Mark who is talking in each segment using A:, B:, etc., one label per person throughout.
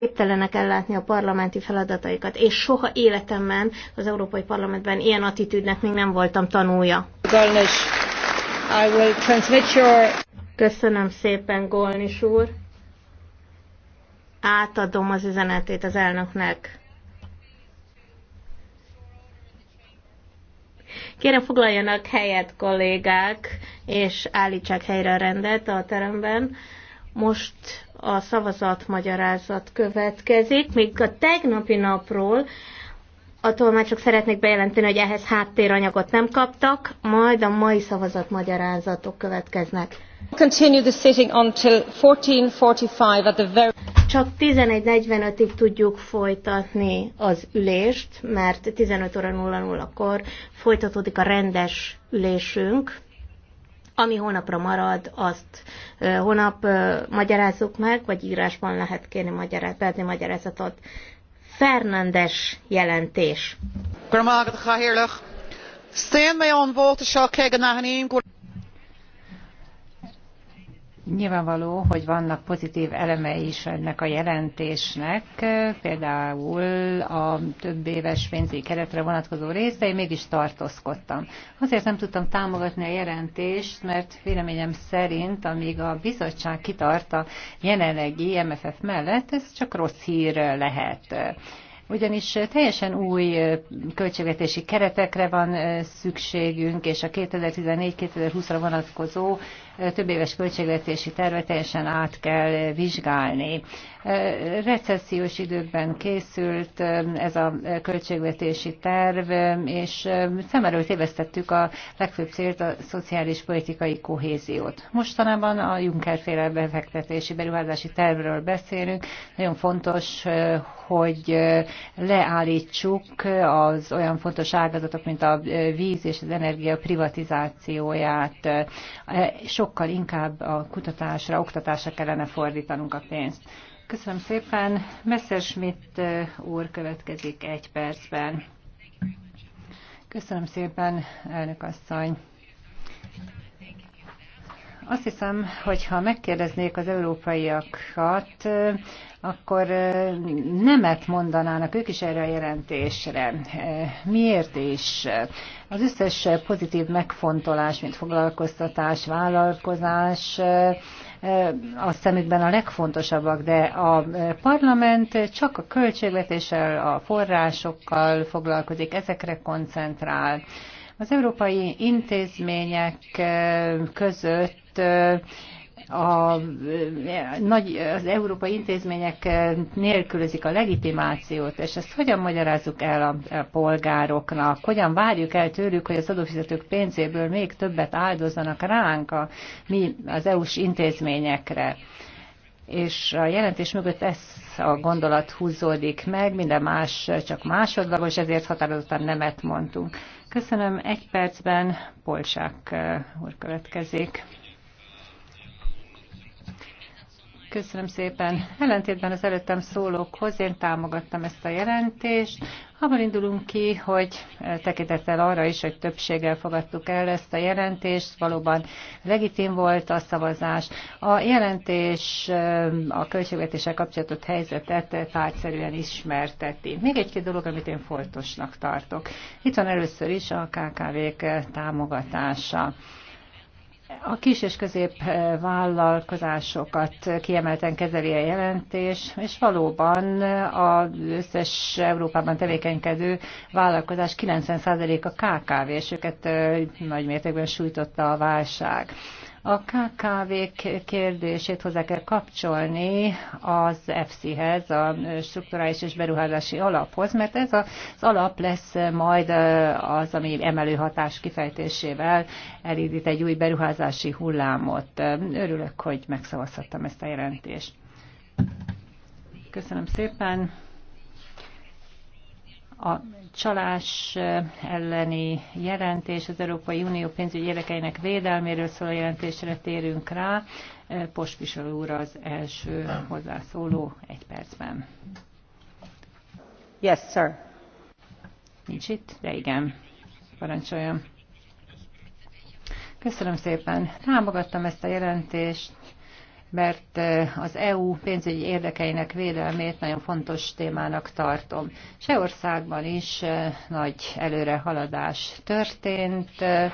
A: képtelenek ellátni a parlamenti feladataikat, és soha életemben az Európai Parlamentben ilyen attitűdnek még nem voltam tanulja. I will transmit your... Köszönöm szépen, Golnis úr. Átadom az üzenetét az elnöknek. Kérem, foglaljanak helyet, kollégák, és állítsák helyre a rendet a teremben. Most a szavazatmagyarázat következik, még a tegnapi napról attól már csak szeretnék bejelenteni, hogy ehhez háttéranyagot nem kaptak, majd a mai szavazatmagyarázatok következnek. Continue the sitting until 14:45 at the very csak 11.45-ig tudjuk folytatni az ülést, mert 15 óra 00-kor folytatódik a rendes ülésünk. Ami holnapra marad, azt holnap magyarázzuk meg, vagy írásban lehet kérni magyarázatot, beadni magyarázatot. Fernandes jelentés.
B: Nyilvánvaló, hogy vannak pozitív elemei is ennek a jelentésnek, például a több éves pénzügyi keretre vonatkozó rész, én mégis tartózkodtam. Azért nem tudtam támogatni a jelentést, mert véleményem szerint, amíg a bizottság kitart a jelenlegi MFF mellett, ez csak rossz hír lehet ugyanis teljesen új költségvetési keretekre van szükségünk, és a 2014-2020-ra vonatkozó több éves költségvetési terve teljesen át kell vizsgálni. Recessziós időben készült um, ez a költségvetési terv, um, és um, szem előtt évesztettük a legfőbb célt, a szociális politikai kohéziót. Mostanában a Juncker féle befektetési beruházási tervről beszélünk. Nagyon fontos, uh, hogy uh, leállítsuk az olyan fontos ágazatok, mint a uh, víz és az energia privatizációját. Sok sokkal inkább a kutatásra, oktatásra kellene fordítanunk a pénzt. Köszönöm szépen. Messerschmidt eh, úr következik egy percben. Köszönöm szépen, elnök asszony. Azt hiszem, hogy ha megkérdeznék az európaiakat, akkor nemet mondanának ők is erre a jelentésre. Miért is? Az összes pozitív megfontolás, mint foglalkoztatás, vállalkozás, a szemükben a legfontosabbak, de a parlament csak a költségvetéssel, a forrásokkal foglalkozik, ezekre koncentrál. Az európai intézmények között a nagy, az európai intézmények nélkülözik a legitimációt, és ezt hogyan magyarázzuk el a, polgároknak, hogyan várjuk el tőlük, hogy az adófizetők pénzéből még többet áldozzanak ránk, a, mi az EU-s intézményekre. És a jelentés mögött ez a gondolat húzódik meg, minden más csak másodlagos, ezért határozottan nemet mondtunk. Köszönöm. Egy percben Polsák eh, úr következik. Köszönöm szépen. Ellentétben az előttem szólókhoz én támogattam ezt a jelentést. Abban indulunk ki, hogy tekintettel arra is, hogy többséggel fogadtuk el ezt a jelentést, valóban legitim volt a szavazás. A jelentés a költségvetéssel kapcsolatot helyzetet tárgyszerűen ismerteti. Még egy-két dolog, amit én fontosnak tartok. Itt van először is a KKV-k támogatása. A kis és közép eh, vállalkozásokat kiemelten kezeli a jelentés, és valóban eh, az összes Európában tevékenykedő vállalkozás 90%-a KKV, és őket eh, nagy mértékben sújtotta a válság. A KKV kérdését hozzá kell kapcsolni az EFSI-hez, a strukturális és beruházási alaphoz, mert ez az alap lesz majd az, ami emelő hatás kifejtésével elindít egy új beruházási hullámot. Örülök, hogy megszavazhattam ezt a jelentést. Köszönöm szépen. A csalás elleni jelentés, az Európai Unió pénzügyi érdekeinek védelméről szóló jelentésre térünk rá. Postpisol úr az első hozzászóló egy percben. Yes, sir. Nincs itt, de igen. Parancsoljon. Köszönöm szépen. Támogattam ezt a jelentést mert eh, az EU pénzügyi érdekeinek védelmét nagyon fontos témának tartom. országban is eh, nagy előrehaladás történt eh,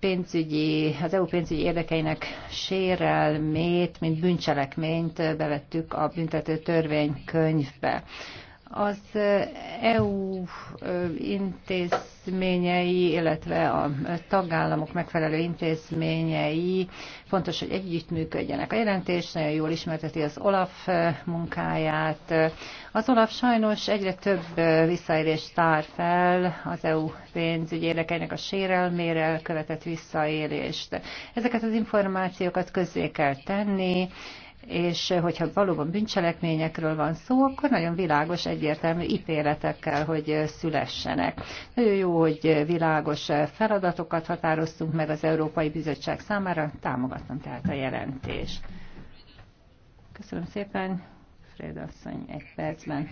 B: pénzügyi, az EU pénzügyi érdekeinek sérelmét, mint bűncselekményt bevettük a büntető törvénykönyvbe. Az eh, EU eh, intézményei, illetve a tagállamok megfelelő intézményei fontos, hogy együttműködjenek. A jelentés nagyon jól ismerteti az OLAF eh, munkáját. Az OLAF sajnos egyre több visszaélést tár fel az EU pénzügyi érdekeinek a sérelmére követett visszaélést. Ezeket az információkat közzé kell tenni, és eh, hogyha valóban bűncselekményekről van szó, akkor nagyon világos, egyértelmű ítéletekkel, hogy eh, szülessenek. Nagyon jó, hogy eh, világos feladatokat határoztunk meg az Európai Bizottság számára, támogattam tehát a jelentést. Köszönöm szépen, Fred asszony, egy percben.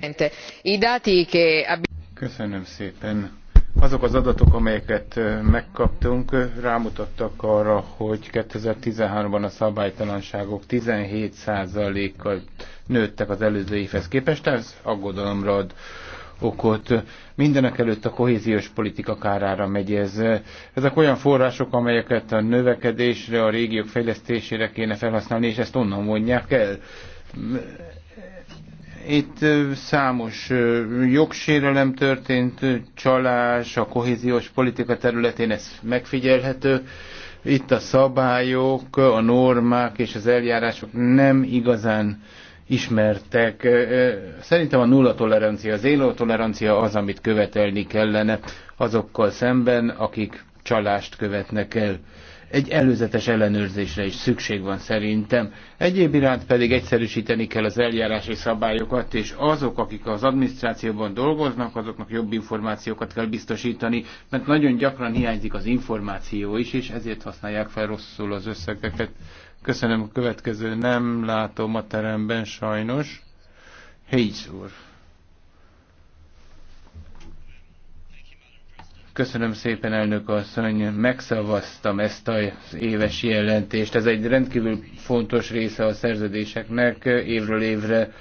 C: Köszönöm szépen azok az adatok, amelyeket megkaptunk, rámutattak arra, hogy 2013-ban a szabálytalanságok 17%-kal nőttek az előző évhez képest, ez aggodalomra ad okot. Mindenek előtt a kohéziós politika kárára megy ez. Ezek olyan források, amelyeket a növekedésre, a régiók fejlesztésére kéne felhasználni, és ezt onnan mondják el itt számos jogsérelem történt, csalás a kohéziós politika területén, ez megfigyelhető. Itt a szabályok, a normák és az eljárások nem igazán ismertek. Szerintem a nulla tolerancia, az élő tolerancia az, amit követelni kellene azokkal szemben, akik csalást követnek el egy előzetes ellenőrzésre is szükség van szerintem. Egyéb iránt pedig egyszerűsíteni kell az eljárási szabályokat, és azok, akik az adminisztrációban dolgoznak, azoknak jobb információkat kell biztosítani, mert nagyon gyakran hiányzik az információ is, és ezért használják fel rosszul az összegeket. Köszönöm a következő, nem látom a teremben sajnos. Hayes úr. Köszönöm szépen, elnök asszony. Megszavaztam ezt az éves jelentést. Ez egy rendkívül fontos része a szerződéseknek évről évre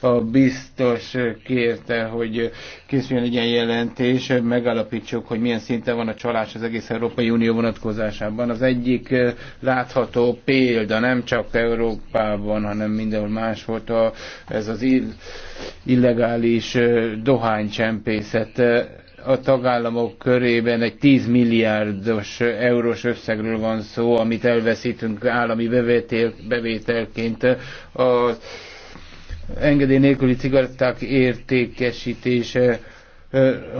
C: a biztos kérte, hogy készüljön egy ilyen jelentés, megállapítsuk, hogy milyen szinten van a csalás az egész Európai Unió vonatkozásában. Az egyik eh, látható példa nem csak Európában, hanem mindenhol más volt a ez az ill- illegális eh, dohánycsempészet a tagállamok körében egy 10 milliárdos eurós összegről van szó, amit elveszítünk állami bevétel, bevételként az engedély nélküli cigaretták értékesítése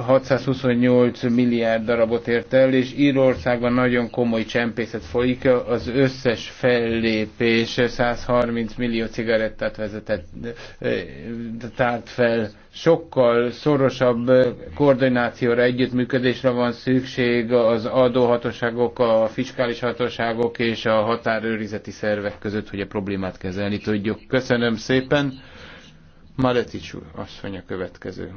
C: 628 milliárd darabot ért el, és Írországban nagyon komoly csempészet folyik, az összes fellépés 130 millió cigarettát vezetett, tárt fel. Sokkal szorosabb koordinációra, együttműködésre van szükség az adóhatóságok, a fiskális hatóságok és a határőrizeti szervek között, hogy a problémát kezelni tudjuk. Köszönöm szépen. Maleticsú asszony a következő.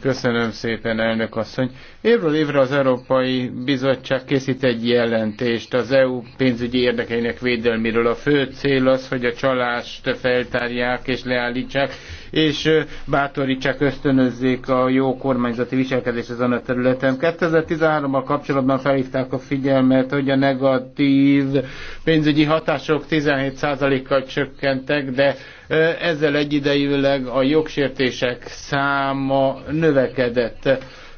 C: Köszönöm szépen, elnök asszony. Évről évre az Európai Bizottság készít egy jelentést az EU pénzügyi érdekeinek védelméről. A fő cél az, hogy a csalást feltárják és leállítsák, és bátorítsák, ösztönözzék a jó kormányzati viselkedést ezen a területen. 2013-mal kapcsolatban felhívták a figyelmet, hogy a negatív pénzügyi hatások 17%-kal csökkentek, de ezzel egyidejűleg a jogsértések száma növekedett.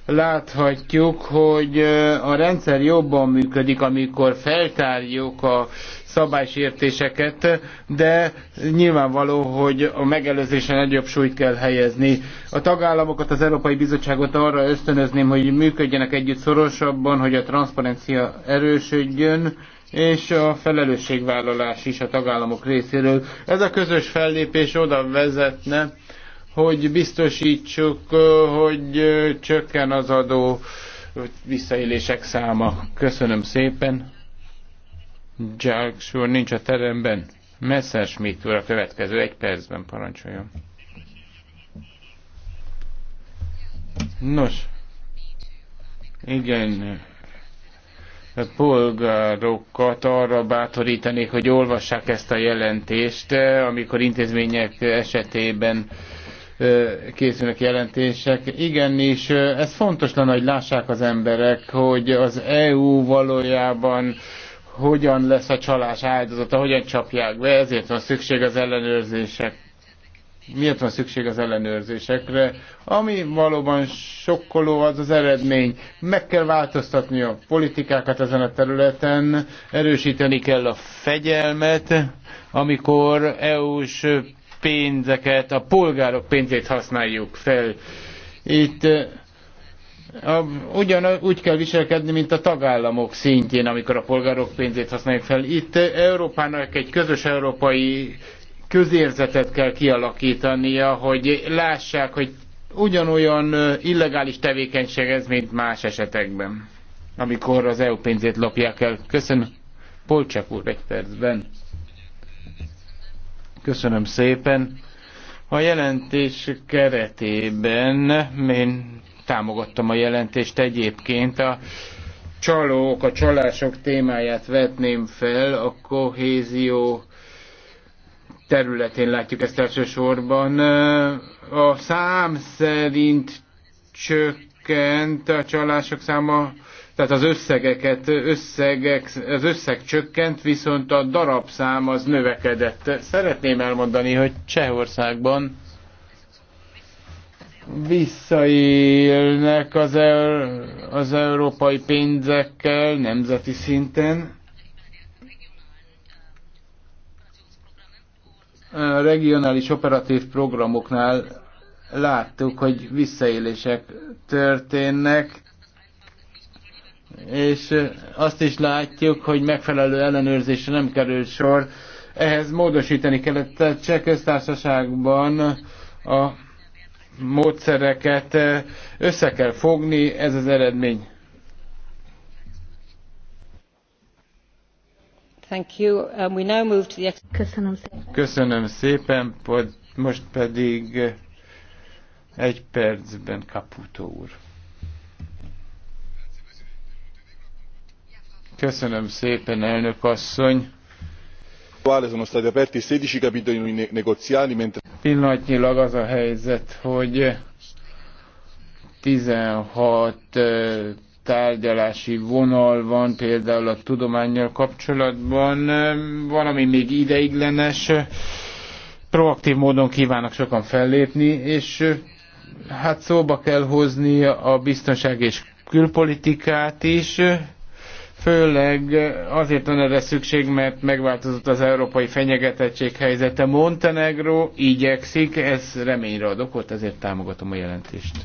C: Láthatjuk, hogy a rendszer jobban működik, amikor feltárjuk a szabálysértéseket, de nyilvánvaló, hogy a megelőzésen nagyobb súlyt kell helyezni. A tagállamokat, az Európai Bizottságot arra ösztönözném, hogy működjenek együtt szorosabban, hogy a transzparencia erősödjön, és a felelősségvállalás is a tagállamok részéről. Ez a közös fellépés oda vezetne, hogy biztosítsuk, hogy csökken az adó visszaélések száma. Köszönöm szépen. Jacks úr nincs a teremben. Messerschmitt úr a következő egy percben parancsoljon. Nos, igen, polgárokat arra bátorítanék, hogy olvassák ezt a jelentést, eh, amikor intézmények esetében eh, készülnek jelentések. Igenis, eh, ez fontos lenne, hogy lássák az emberek, hogy az EU valójában hogyan lesz a csalás áldozata, hogyan csapják be, ezért van szükség az ellenőrzések miért van szükség az ellenőrzésekre. Ami valóban sokkoló az az eredmény. Meg kell változtatni a politikákat ezen a területen, erősíteni kell a fegyelmet, amikor EU-s pénzeket, a polgárok pénzét használjuk fel. Itt eh, a, ugyan úgy kell viselkedni, mint a tagállamok szintjén, amikor a polgárok pénzét használjuk fel. Itt Európának egy közös európai közérzetet kell kialakítania, hogy lássák, hogy ugyanolyan illegális tevékenység ez, mint más esetekben, amikor az EU pénzét lopják el. Köszönöm. Polcsak úr, egy percben. Köszönöm szépen. A jelentés keretében én támogattam a jelentést egyébként. A csalók, a csalások témáját vetném fel a kohézió területén látjuk ezt elsősorban. A szám szerint csökkent a csalások száma, tehát az összegeket, összegek, az összeg csökkent, viszont a darabszám az növekedett. Szeretném elmondani, hogy Csehországban visszaélnek az, el, az európai pénzekkel nemzeti szinten, a regionális operatív programoknál láttuk, hogy visszaélések történnek, és azt is látjuk, hogy megfelelő ellenőrzésre nem kerül sor. Ehhez módosítani kellett a cseh köztársaságban a módszereket össze kell fogni, ez az eredmény.
B: Um,
C: Köszönöm szépen. most pedig egy percben Caputo úr. Köszönöm szépen, elnök asszony. Pillanatnyilag az a helyzet, hogy 16 tárgyalási vonal van például a tudományjal kapcsolatban, valami még ideiglenes, proaktív módon kívánnak sokan fellépni, és hát szóba kell hozni a biztonság és külpolitikát is, főleg azért van erre szükség, mert megváltozott az európai fenyegetettség helyzete. Montenegro igyekszik, ez reményre ad okot, ezért támogatom a jelentést.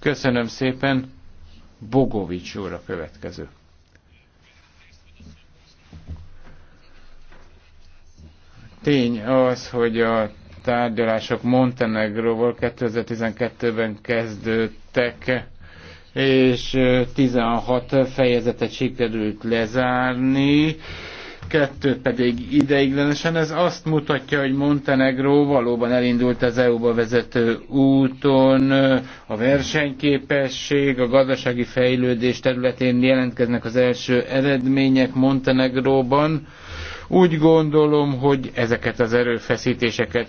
C: Köszönöm szépen! Bogovics úr a következő. Tény az, hogy a tárgyalások Montenegróval 2012-ben kezdődtek, és 16 fejezetet sikerült lezárni, kettőt pedig ideiglenesen. Ez azt mutatja, hogy Montenegró valóban elindult az EU-ba vezető úton. A versenyképesség, a gazdasági fejlődés területén jelentkeznek az első eredmények Montenegróban úgy gondolom, hogy ezeket az erőfeszítéseket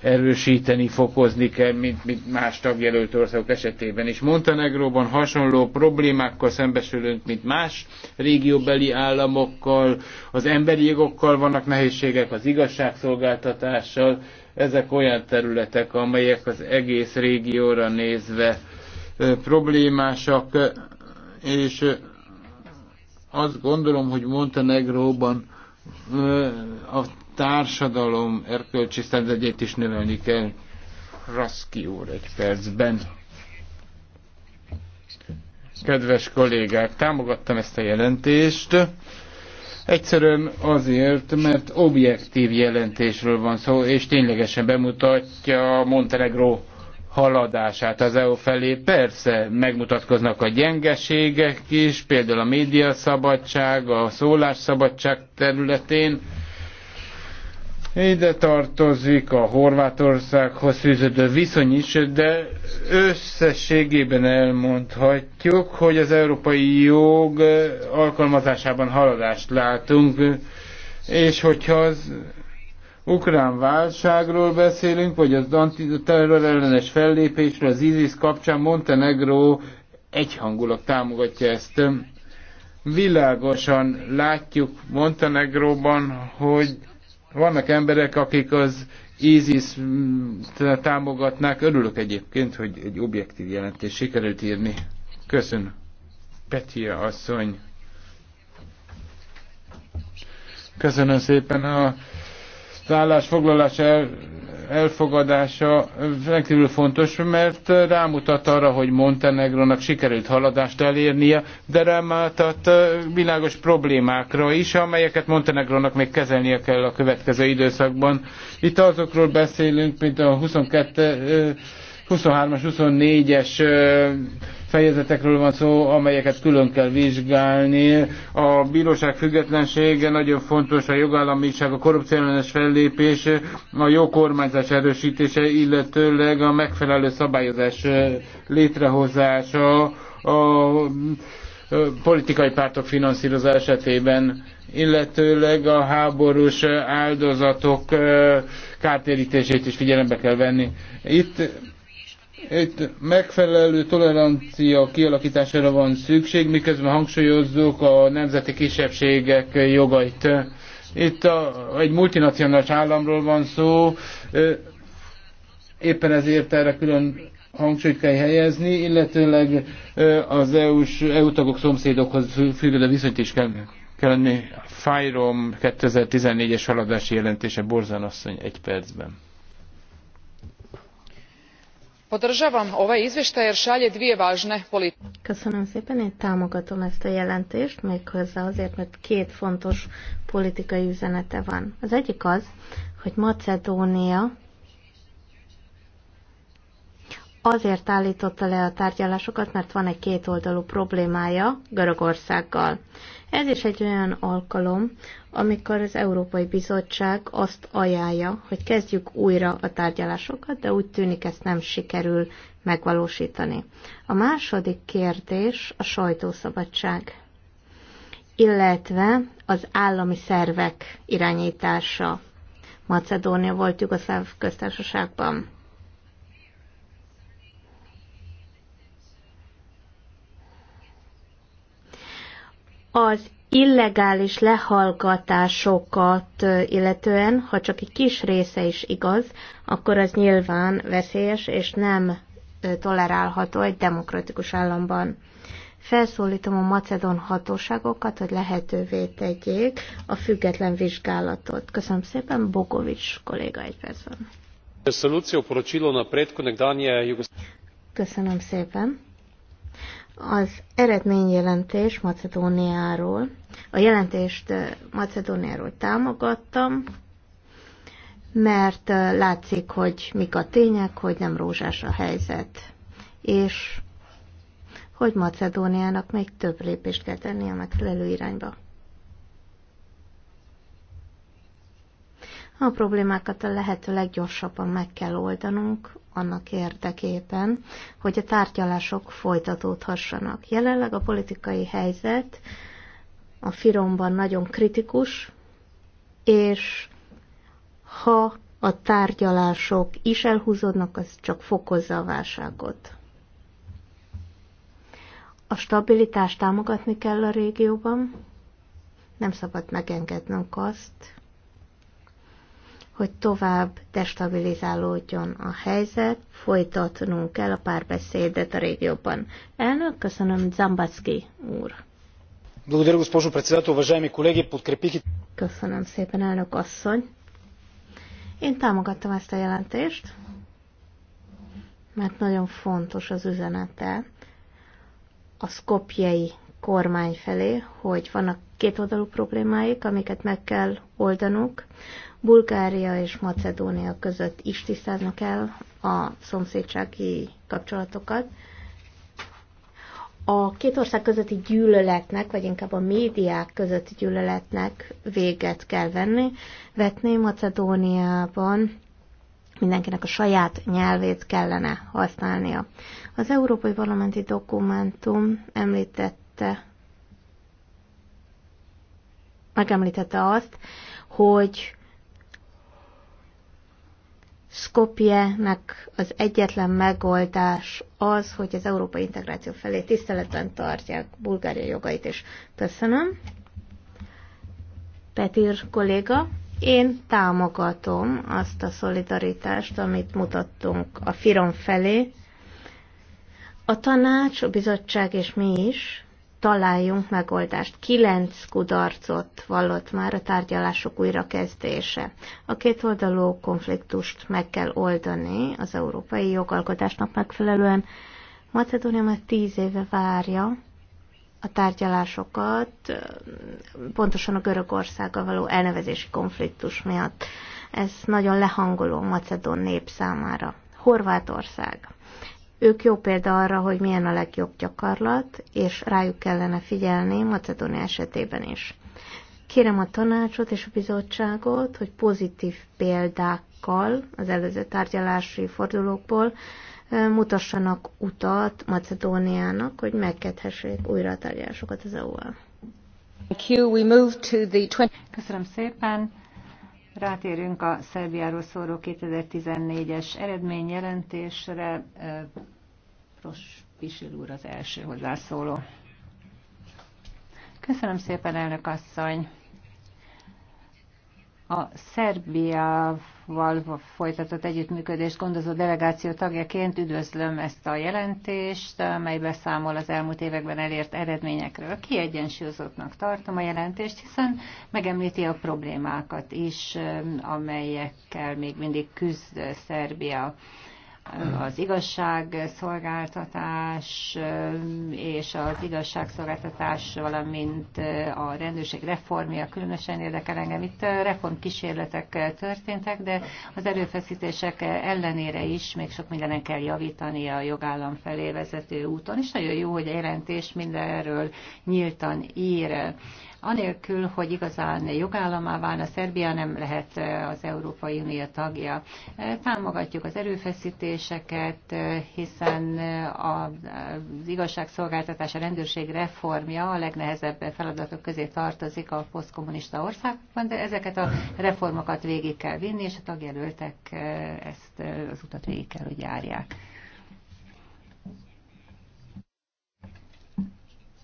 C: erősíteni, fokozni kell, mint, mint más tagjelölt országok esetében is. Montenegróban hasonló problémákkal szembesülünk, mint más régióbeli államokkal, az emberi jogokkal vannak nehézségek, az igazságszolgáltatással, ezek olyan területek, amelyek az egész régióra nézve problémásak, és azt gondolom, hogy Montenegróban a társadalom erkölcsi szenvedélyét is növelni kell. Raszki úr egy percben. Kedves kollégák, támogattam ezt a jelentést. Egyszerűen azért, mert objektív jelentésről van szó, és ténylegesen bemutatja Montenegro haladását az EU felé. Persze megmutatkoznak a gyengeségek is, például a médiaszabadság, a szólásszabadság területén. Ide tartozik a Horvátországhoz fűződő viszony is, de összességében elmondhatjuk, hogy az európai jog alkalmazásában haladást látunk, és hogyha az ukrán válságról beszélünk, vagy az antiterror ellenes fellépésről, az ISIS kapcsán Montenegro egyhangulag támogatja ezt. Világosan látjuk Montenegróban, hogy vannak emberek, akik az ISIS támogatnák. Örülök egyébként, hogy egy objektív jelentés sikerült írni. Köszönöm. Petia asszony. Köszönöm szépen a az állásfoglalás el, elfogadása rendkívül fontos, mert rámutat arra, hogy Montenegrónak sikerült haladást elérnie, de rámutat világos problémákra is, amelyeket Montenegrónak még kezelnie kell a következő időszakban. Itt azokról beszélünk, mint a 22 23-as, 24-es fejezetekről van szó, amelyeket külön kell vizsgálni. A bíróság függetlensége nagyon fontos, a jogállamiság, a korrupcióellenes fellépés, a jó kormányzás erősítése, illetőleg a megfelelő szabályozás létrehozása, a politikai pártok finanszírozása esetében, illetőleg a háborús áldozatok kártérítését is figyelembe kell venni. Itt itt megfelelő tolerancia kialakítására van szükség, miközben hangsúlyozzuk a nemzeti kisebbségek jogait. Itt a, egy multinacionális államról van szó, éppen ezért erre külön hangsúlyt kell helyezni, illetőleg az EU-s, EU tagok szomszédokhoz függő viszonyt is kell kellene. fájrom 2014-es haladási jelentése Borzan asszony egy percben
A: podravam ovaj izvjetaj jer alje dvije vane Köszönöm szépen, én támogatom ezt a jelentést, méghozzá azért, mert két fontos politikai üzenete van. Az egyik az, hogy Macedónia azért állította le a tárgyalásokat, mert van egy kétoldalú problémája Görögországgal. Ez is egy olyan alkalom, amikor az Európai Bizottság azt ajánlja, hogy kezdjük újra a tárgyalásokat, de úgy tűnik ezt nem sikerül megvalósítani. A második kérdés a sajtószabadság, illetve az állami szervek irányítása. Macedónia volt Jugoszláv köztársaságban. Az illegális lehallgatásokat illetően, ha csak egy kis része is igaz, akkor az nyilván veszélyes és nem tolerálható egy demokratikus államban. Felszólítom a macedon hatóságokat, hogy lehetővé tegyék a független vizsgálatot. Köszönöm szépen, Bogovics kolléga egy percben. Köszönöm szépen az eredményjelentés Macedóniáról. A jelentést eh, Macedóniáról támogattam, mert eh, látszik, hogy mik a tények, hogy nem rózsás a helyzet, és hogy Macedóniának még több lépést kell tenni a megfelelő irányba. A problémákat a lehető leggyorsabban meg kell oldanunk, annak érdekében, hogy a tárgyalások folytatódhassanak. Jelenleg a politikai helyzet a Firomban nagyon kritikus, és ha a tárgyalások is elhúzódnak, az csak fokozza a válságot. A stabilitást támogatni kell a régióban, nem szabad megengednünk azt, hogy tovább destabilizálódjon a helyzet, folytatnunk kell a párbeszédet a régióban. Elnök, köszönöm, Zambacki úr. Köszönöm szépen, elnök asszony. Én támogattam ezt a jelentést, mert nagyon fontos az üzenete a szkopjei kormány felé, hogy vannak kétoldalú problémáik, amiket meg kell oldanunk. Bulgária és Macedónia között is tisztáznak el a szomszédsági kapcsolatokat. A két ország közötti gyűlöletnek, vagy inkább a médiák közötti gyűlöletnek véget kell venni. Vetni Macedóniában mindenkinek a saját nyelvét kellene használnia. Az Európai Parlamenti Dokumentum említette megemlítette azt, hogy Skopje-nek az egyetlen megoldás az, hogy az európai integráció felé tiszteletben tartják Bulgária jogait és Köszönöm. Petir kolléga, én támogatom azt a szolidaritást, amit mutattunk a Firom felé. A tanács, a bizottság és mi is találjunk megoldást. Kilenc kudarcot vallott már a tárgyalások újrakezdése. A kétoldalú konfliktust meg kell oldani az európai jogalkotásnak megfelelően. Macedónia már tíz éve várja a tárgyalásokat, pontosan a Görögországgal való elnevezési konfliktus miatt. Ez nagyon lehangoló macedón nép számára. Horvátország. Ők jó példa arra, hogy milyen a legjobb gyakorlat, és rájuk kellene figyelni Macedónia esetében is. Kérem a tanácsot és a bizottságot, hogy pozitív példákkal az előző tárgyalási fordulókból mutassanak utat Macedóniának, hogy megkedhessék újra a
B: tárgyalásokat az EU-val. Köszönöm szépen. Rátérünk a Szerbiáról szóló 2014-es eredményjelentésre. Pros Pisil úr az első hozzászóló. Köszönöm szépen, elnök asszony! a Szerbiával folytatott együttműködést gondozó delegáció tagjaként üdvözlöm ezt a jelentést, mely beszámol az elmúlt években elért eredményekről. Kiegyensúlyozottnak tartom a jelentést, hiszen megemlíti a problémákat is, amelyekkel még mindig küzd Szerbia az igazságszolgáltatás és az igazságszolgáltatás, valamint a rendőrség reformja különösen érdekel engem. Itt reformkísérletek történtek, de az erőfeszítések ellenére is még sok mindenen kell javítani a jogállam felé vezető úton, és nagyon jó, hogy a jelentés mindenről nyíltan ír anélkül, hogy igazán jogállamá válna Szerbia, nem lehet eh, az Európai Unió tagja. Eh, támogatjuk az erőfeszítéseket, eh, hiszen az igazságszolgáltatás, a rendőrség reformja a legnehezebb feladatok közé tartozik a posztkommunista országban, de ezeket a reformokat végig kell vinni, és a tagjelöltek ezt az utat végig kell, hogy járják.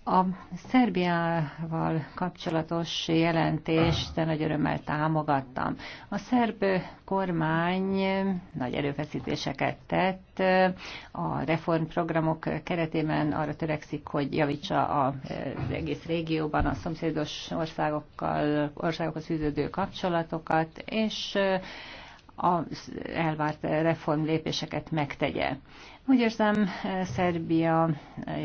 B: A Szerbiával kapcsolatos jelentést de ah. nagy örömmel támogattam. A szerb kormány nagy erőfeszítéseket tett, a reformprogramok keretében arra törekszik, hogy javítsa az egész régióban a szomszédos országokkal, országokhoz fűződő kapcsolatokat, és az elvárt reformlépéseket megtegye. Úgy érzem, Szerbia eh,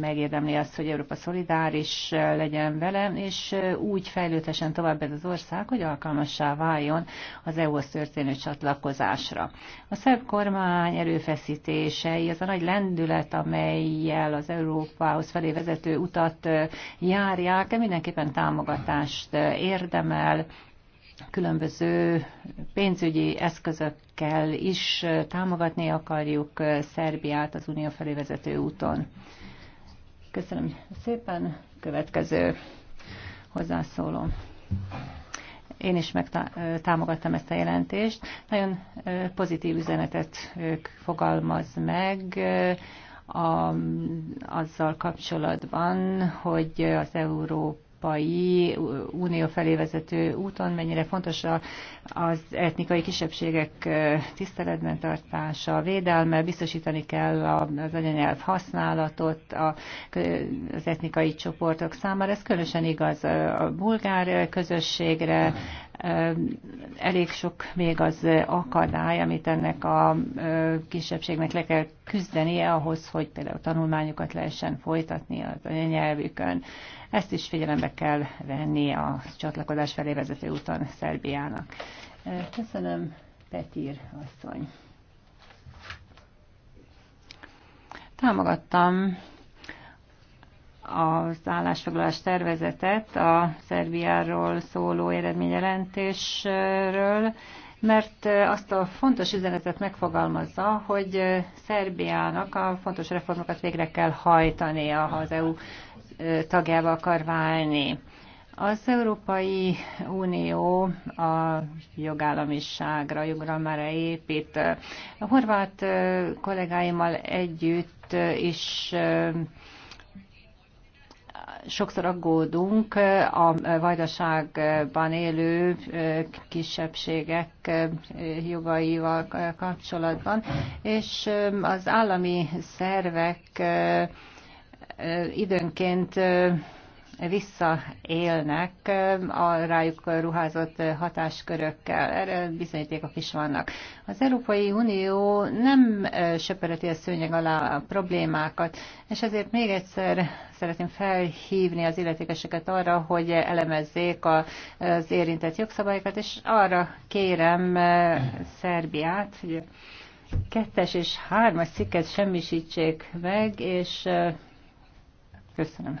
B: megérdemli azt, hogy Európa szolidáris eh, legyen vele, és eh, úgy fejlődhessen tovább ez az ország, hogy alkalmassá váljon az EU-hoz történő csatlakozásra. A szerb kormány erőfeszítései, az a nagy lendület, amelyel az Európához felé vezető utat járják, mindenképpen támogatást érdemel, különböző pénzügyi eszközökkel is támogatni akarjuk Szerbiát az unió felé vezető úton. Köszönöm szépen. Következő hozzászóló. Én is megtámogattam ezt a jelentést. Nagyon pozitív üzenetet fogalmaz meg a, azzal kapcsolatban, hogy az Európa Európai Unió felé vezető úton mennyire fontos az etnikai kisebbségek tiszteletben tartása, a védelme, biztosítani kell az anyanyelv használatot az etnikai csoportok számára. Ez különösen igaz a bulgár közösségre, elég sok még az akadály, amit ennek a kisebbségnek le kell küzdenie ahhoz, hogy például tanulmányokat lehessen folytatni az anyanyelvükön. Ezt is figyelembe kell venni a csatlakozás felé vezető úton Szerbiának. Köszönöm, Petír asszony. Támogattam az állásfoglalás tervezetet a Szerbiáról szóló eredményjelentésről, mert azt a fontos üzenetet megfogalmazza, hogy Szerbiának a fontos reformokat végre kell hajtania, ha az EU tagjába akar válni. Az Európai Unió a jogállamiságra, jogra már épít. A horvát kollégáimmal együtt is sokszor aggódunk a vajdaságban élő kisebbségek jogaival kapcsolatban, és az állami szervek időnként visszaélnek a rájuk ruházott hatáskörökkel. Erre bizonyítékok is vannak. Az Európai Unió nem söpereti a szőnyeg alá a problémákat, és ezért még egyszer szeretném felhívni az illetékeseket arra, hogy elemezzék az érintett jogszabályokat, és arra kérem Szerbiát, hogy kettes és hármas cikket semmisítsék meg, és köszönöm.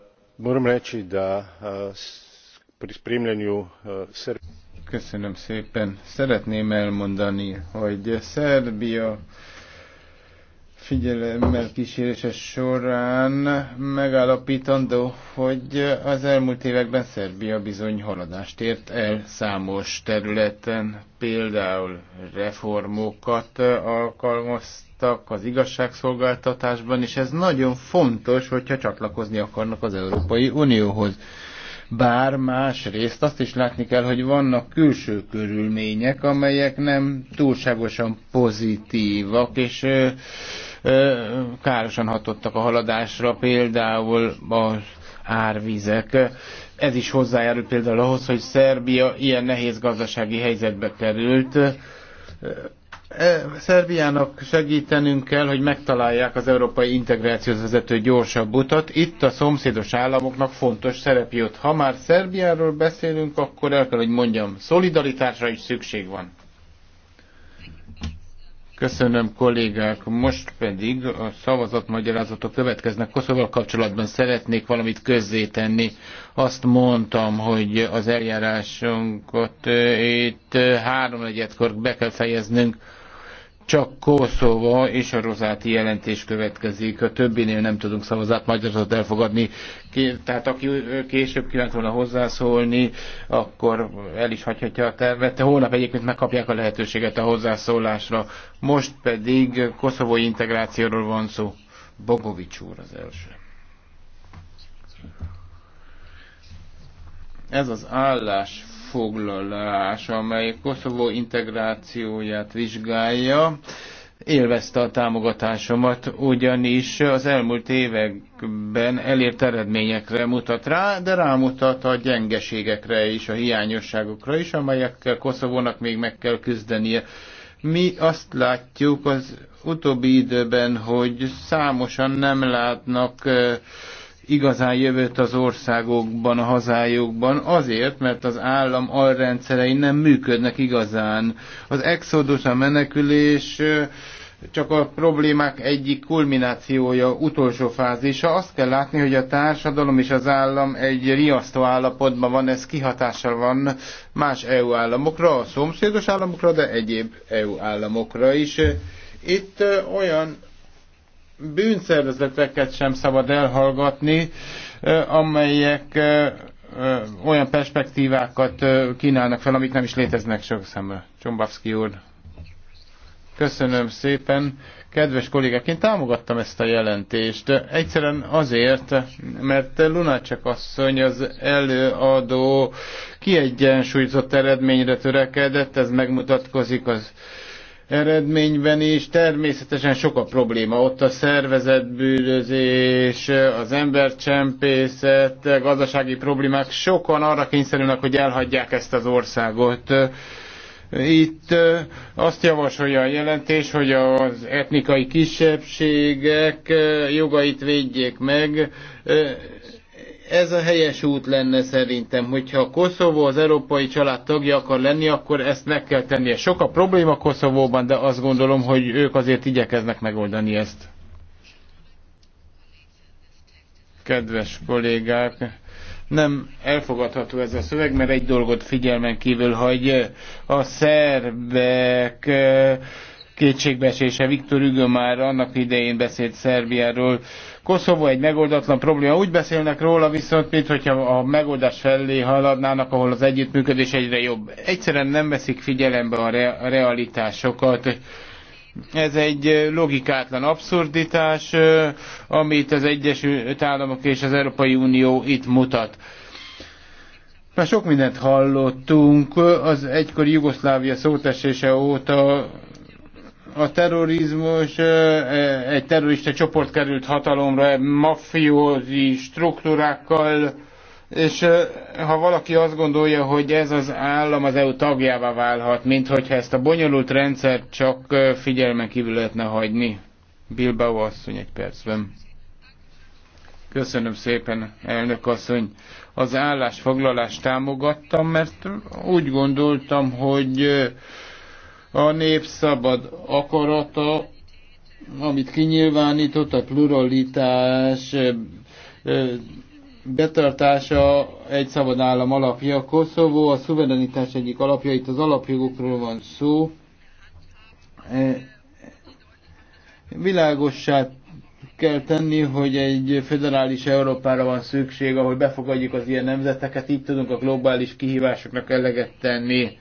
D: moram reči da eh,
C: pri spremljanju eh, srbije szépen. elmondani, hogy figyelemmel kísérése során megállapítandó, hogy az elmúlt években Szerbia bizony haladást ért el számos területen, például reformokat alkalmaztak az igazságszolgáltatásban, és ez nagyon fontos, hogyha csatlakozni akarnak az Európai Unióhoz. Bár más részt azt is látni kell, hogy vannak külső körülmények, amelyek nem túlságosan pozitívak, és károsan hatottak a haladásra, például az árvizek. Ez is hozzájárul például ahhoz, hogy Szerbia ilyen nehéz gazdasági helyzetbe került. Szerbiának segítenünk kell, hogy megtalálják az európai integrációhoz vezető gyorsabb utat. Itt a szomszédos államoknak fontos szerep jut. Ha már Szerbiáról beszélünk, akkor el kell, hogy mondjam, szolidaritásra is szükség van. Köszönöm kollégák, most pedig a szavazatmagyarázatok következnek. Koszovval kapcsolatban szeretnék valamit közzétenni. Azt mondtam, hogy az eljárásunkat itt háromnegyedkor be kell fejeznünk csak Kosovo és a rozáti jelentés következik. A többinél nem tudunk szavazat magyarázatot elfogadni. Tehát aki később kívánt volna hozzászólni, akkor el is hagyhatja a tervet. Holnap egyébként megkapják a lehetőséget a hozzászólásra. Most pedig koszovói integrációról van szó. Bogovics úr az első. Ez az állás foglalás, amely Koszovó integrációját vizsgálja, élvezte a támogatásomat, ugyanis az elmúlt években elért eredményekre mutat rá, de rámutat a gyengeségekre és a hiányosságokra is, amelyekkel Koszovónak még meg kell küzdenie. Mi azt látjuk az utóbbi időben, hogy számosan nem látnak eh, igazán jövőt az országokban, a hazájukban, azért, mert az állam alrendszerei nem működnek igazán. Az exodus, a menekülés csak a problémák egyik kulminációja, utolsó fázisa. Azt kell látni, hogy a társadalom és az állam egy riasztó állapotban van, ez kihatással van más EU államokra, a szomszédos államokra, de egyéb EU államokra is. Itt olyan bűnszervezeteket sem szabad elhallgatni, amelyek olyan perspektívákat kínálnak fel, amik nem is léteznek sok szemben. Csombavszki úr, köszönöm szépen. Kedves kollégák, én támogattam ezt a jelentést. Egyszerűen azért, mert Lunácsek asszony az előadó kiegyensúlyozott eredményre törekedett, ez megmutatkozik az eredményben is. Természetesen sok a probléma. Ott a szervezetbűnözés, az embercsempészet, gazdasági problémák. Sokan arra kényszerülnek, hogy elhagyják ezt az országot. Itt azt javasolja a jelentés, hogy az etnikai kisebbségek jogait védjék meg ez a helyes út lenne szerintem, hogyha Koszovó az európai család tagja akar lenni, akkor ezt meg kell tennie. Sok a probléma Koszovóban, de azt gondolom, hogy ők azért igyekeznek megoldani ezt. Kedves kollégák, nem elfogadható ez a szöveg, mert egy dolgot figyelmen kívül hagy a szerbek eh, kétségbeesése. Viktor Ügö már annak idején beszélt Szerbiáról, Koszovó egy megoldatlan probléma. Úgy beszélnek róla viszont, mintha a megoldás felé haladnának, ahol az együttműködés egyre jobb. Egyszerűen nem veszik figyelembe a, re- a realitásokat. Ez egy logikátlan abszurditás, amit az Egyesült Államok és az Európai Unió itt mutat. Már sok mindent hallottunk az egykori Jugoszlávia szótesése óta a terrorizmus, egy terrorista csoport került hatalomra, maffiózi struktúrákkal, és ha valaki azt gondolja, hogy ez az állam az EU tagjává válhat, mint hogyha ezt a bonyolult rendszert csak figyelmen kívül lehetne hagyni. Bilbao asszony egy percben. Köszönöm szépen, elnök asszony. Az állásfoglalást támogattam, mert úgy gondoltam, hogy a nép szabad akarata, amit kinyilvánított, a pluralitás betartása egy szabad állam alapja. Koszovó a szuverenitás egyik alapja, itt az alapjogokról van szó. E, világossá kell tenni, hogy egy federális Európára van szükség, ahol befogadjuk az ilyen nemzeteket, így tudunk a globális kihívásoknak eleget tenni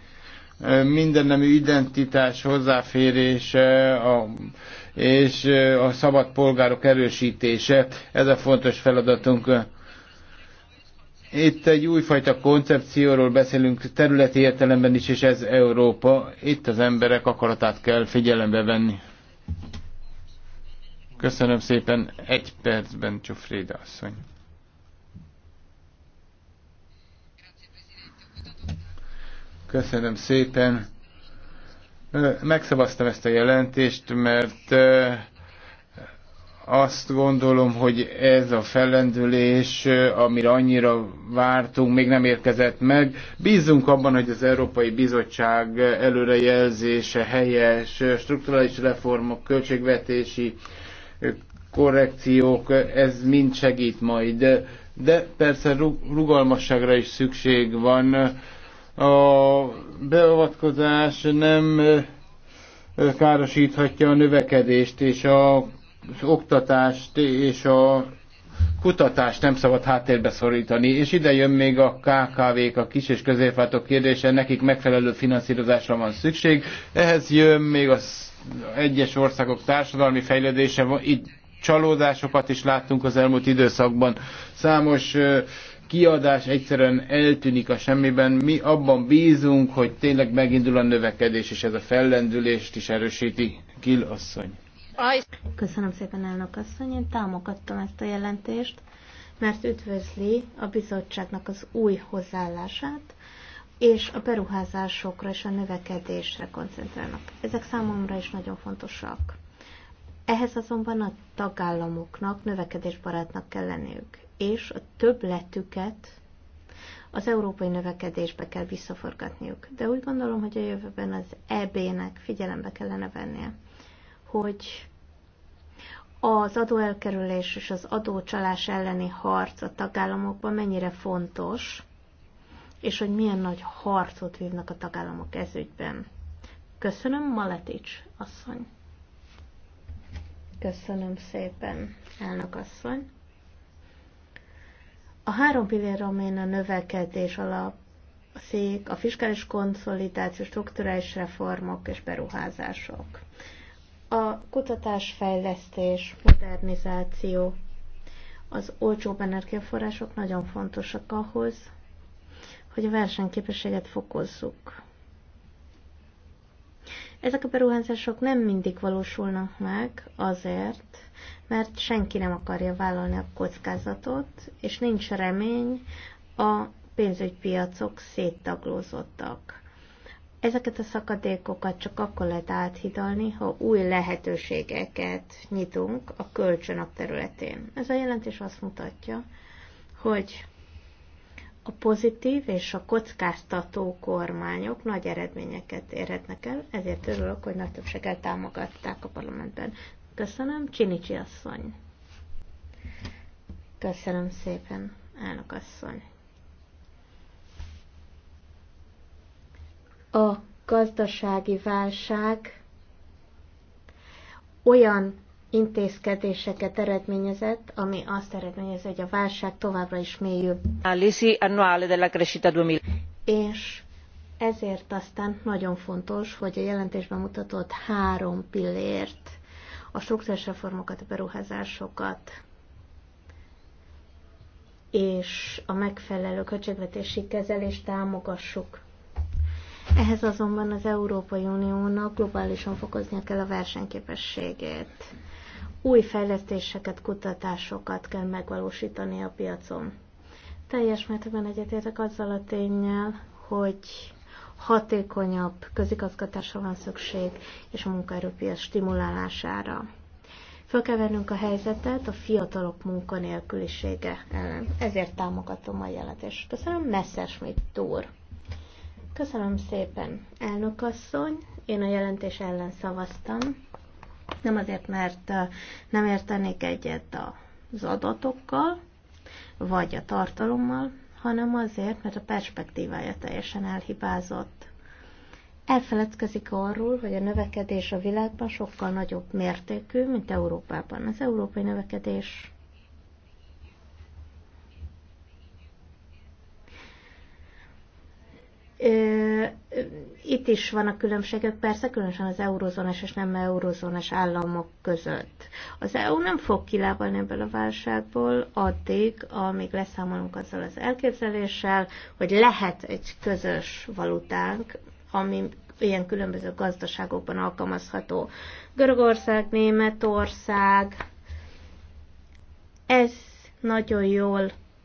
C: mindennemű identitás hozzáférése a, és a szabad polgárok erősítése. Ez a fontos feladatunk. Itt egy újfajta koncepcióról beszélünk területi értelemben is, és ez Európa. Itt az emberek akaratát kell figyelembe venni. Köszönöm szépen. Egy percben Csufréda asszony. Köszönöm szépen. Megszavaztam ezt a jelentést, mert azt gondolom, hogy ez a fellendülés, amire annyira vártunk, még nem érkezett meg. Bízunk abban, hogy az Európai Bizottság előrejelzése helyes, strukturális reformok, költségvetési korrekciók, ez mind segít majd. De persze rugalmasságra is szükség van a beavatkozás nem károsíthatja a növekedést, és a, az oktatást és a kutatást nem szabad háttérbe szorítani, és ide jön még a KKV-k, a kis és középváltók kérdése, nekik megfelelő finanszírozásra van szükség, ehhez jön még az egyes országok társadalmi fejlődése, itt csalódásokat is láttunk az elmúlt időszakban, számos kiadás egyszerűen eltűnik a semmiben. Mi abban bízunk, hogy tényleg megindul a növekedés, és ez a fellendülést is erősíti. Kill asszony.
A: Köszönöm szépen, elnök asszony. Én támogattam ezt a jelentést, mert üdvözli a bizottságnak az új hozzáállását, és a beruházásokra és a növekedésre koncentrálnak. Ezek számomra is nagyon fontosak. Ehhez azonban a tagállamoknak növekedésbarátnak kell lenniük és a többletüket az európai növekedésbe kell visszaforgatniuk. De úgy gondolom, hogy a jövőben az EB-nek figyelembe kellene vennie, hogy az adóelkerülés és az adócsalás elleni harc a tagállamokban mennyire fontos, és hogy milyen nagy harcot vívnak a tagállamok ezügyben. Köszönöm, Maletics asszony. Köszönöm szépen, elnök asszony. A három pillér, amelyen a növekedés szék a fiskális konszolidáció, strukturális reformok és beruházások. A kutatásfejlesztés, modernizáció, az olcsóbb energiaforrások nagyon fontosak ahhoz, hogy a versenyképességet fokozzuk. Ezek a beruházások nem mindig valósulnak meg azért, mert senki nem akarja vállalni a kockázatot, és nincs remény, a pénzügypiacok széttaglózottak. Ezeket a szakadékokat csak akkor lehet áthidalni, ha új lehetőségeket nyitunk a kölcsönök területén. Ez a jelentés azt mutatja, hogy a pozitív és a kockáztató kormányok nagy eredményeket érhetnek el, ezért örülök, hogy nagy többséggel támogatták a parlamentben. Köszönöm, Csinicsi asszony. Köszönöm szépen, elnök asszony. A gazdasági válság olyan intézkedéseket eredményezett, ami azt eredményez, hogy a válság továbbra is mélyül.
B: Lisi annuale della crescita 2000.
A: És ezért aztán nagyon fontos, hogy a jelentésben mutatott három pillért, a struktúrás reformokat, a beruházásokat, és a megfelelő költségvetési kezelést támogassuk. Ehhez azonban az Európai Uniónak globálisan fokoznia kell a versenyképességét új fejlesztéseket, kutatásokat kell megvalósítani a piacon. Teljes mértékben egyetértek azzal a tényel, hogy hatékonyabb közigazgatásra van szükség, és a munkaerőpiac stimulálására. Föl kell vennünk a helyzetet a fiatalok munkanélkülisége ellen. Ezért támogatom a jelentést. Köszönöm, Messerschmitt túr. Köszönöm szépen, elnökasszony. Én a jelentés ellen szavaztam, nem azért, mert nem értenék egyet az adatokkal, vagy a tartalommal, hanem azért, mert a perspektívája teljesen elhibázott. Elfeledkezik arról, hogy a növekedés a világban sokkal nagyobb mértékű, mint Európában. Az európai növekedés Itt is vannak különbségek, persze, különösen az eurozónás és nem eurozónás államok között. Az EU nem fog kilábalni ebből a válságból addig, amíg leszámolunk azzal az elképzeléssel, hogy lehet egy közös valutánk, ami ilyen különböző gazdaságokban alkalmazható. Görögország, Németország, ez nagyon jól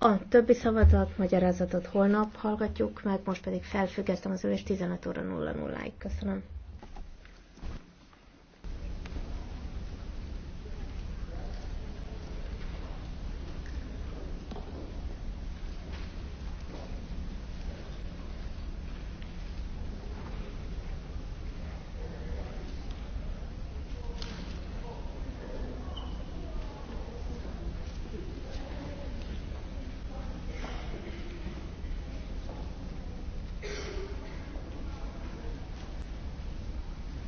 A: a többi szavazat magyarázatot holnap hallgatjuk meg, most pedig felfüggesztem az ülést 15 óra 00-ig. Köszönöm.